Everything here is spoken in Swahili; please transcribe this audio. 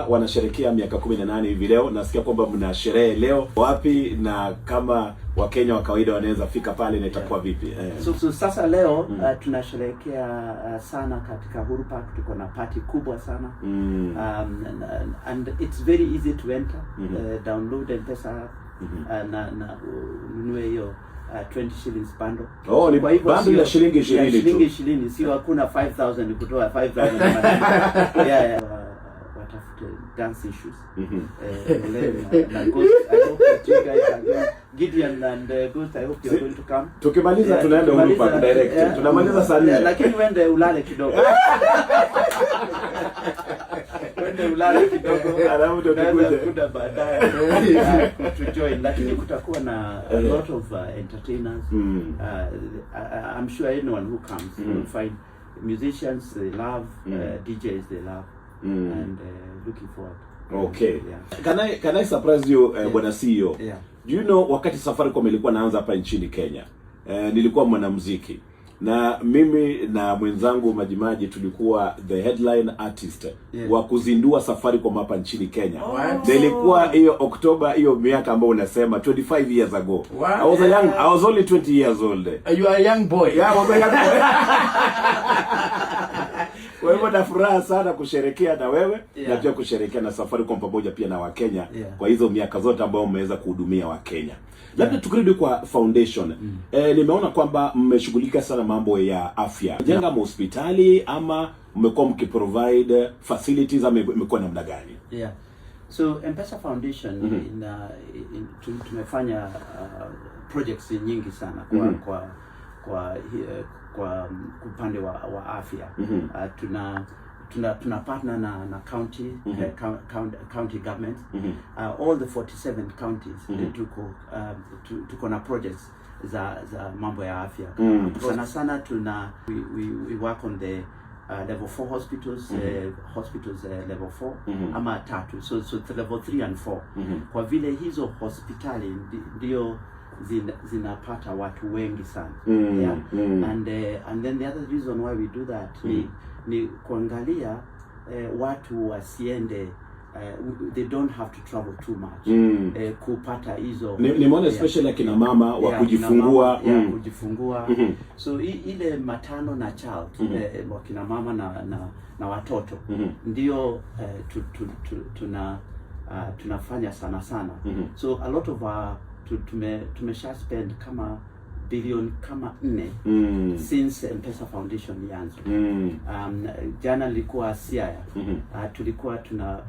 wanasherekea miaka 18 hivi leo. Nasikia kwamba mna sherehe leo, wapi? Na kama Wakenya wa kawaida wanaweza fika pale na itakuwa vipi? Yeah. So, so, sasa leo mm. uh, tunasherehekea uh, sana katika Uhuru Park, tuko na party kubwa sana mm. um, and, and it's very easy to enter mm -hmm. uh, download M-Pesa mm -hmm. uh, na na ununue uh, hiyo Uh, 20 shillings bando. Oh, ni bando ya shilingi 20 tu. Shilingi 20 sio, hakuna 5000 kutoa 5000. Yeah, yeah dance issues. Mm-hmm. Eh, uh, Ghost, I hope that you guys are going. Gideon and uh, Ghost, I hope you going to come. Tukimaliza yeah, tunaenda huko kwa direct. Yeah, tunamaliza saa nne. Lakini wende ulale kidogo. Wende ulale kidogo. Alafu tutakuje. Kuda baadaye. To join lakini kutakuwa na a eh. lot of uh, entertainers. Mm. Uh, I'm sure anyone who comes mm. will find musicians they love, mm. uh, DJs they love mm. and uh, looking forward. Okay. Yeah. Can I can I surprise you uh, yeah. Bwana CEO? Yeah. Do you know wakati Safaricom ilikuwa naanza hapa nchini Kenya? Uh, nilikuwa mwanamuziki na mimi na mwenzangu Majimaji tulikuwa the headline artist yeah. wa kuzindua Safaricom hapa nchini Kenya. Oh. Ilikuwa hiyo Oktoba hiyo miaka ambayo unasema 25 years ago. Wow. I was a young I was only 20 years old. You are a young boy. Yeah, I was a young boy. Kwa hivyo na furaha sana kusherekea na wewe yeah. na pia kusherekea na Safaricom pamoja pia na Wakenya yeah. kwa hizo miaka zote ambayo mmeweza kuhudumia Wakenya. Labda yeah. tukirudi kwa foundation mm. Eh, nimeona kwamba mmeshughulika sana mambo ya afya yeah. jenga mahospitali ama mmekuwa mkiprovide facilities ama imekuwa namna gani? yeah. So M-Pesa Foundation mm -hmm. ina, in, tumefanya uh, projects nyingi sana kwa, mm -hmm. kwa kwa kwa upande wa, wa afya mm -hmm. uh, tuna tuna tuna partner na na county mm -hmm. uh, eh, county, county government mm -hmm. uh, all the 47 counties mm -hmm. tuko uh, tuko na projects za za mambo ya afya mm -hmm. sana sana tuna we, we, we work on the Uh, level 4 hospitals mm -hmm. uh, hospitals uh, level 4 mm -hmm. ama tatu so so level 3 and 4 mm -hmm. kwa vile hizo hospitali ndio zinapata zina, watu wengi sana mm, yeah? mm. And, uh, and then the other reason why we do that mm. ni, ni kuangalia uh, watu wasiende Uh, they don't have to travel too much mm. uh, kupata hizo nimeona especially akina mama wa yeah, kujifungua mm. yeah, kujifungua mm -hmm. so i, ile matano na child mm -hmm. uh, wakina mama na na, na watoto mm -hmm. ndio uh, tu, tu, tu, tu, tuna uh, tunafanya sana sana mm -hmm. so a lot of our tume, tumesha spend kama bilioni kama nne mm. since mpesa Foundation yanzo mm. um, jana likuwa Siaya mm -hmm. uh, ah, tulikuwa tuna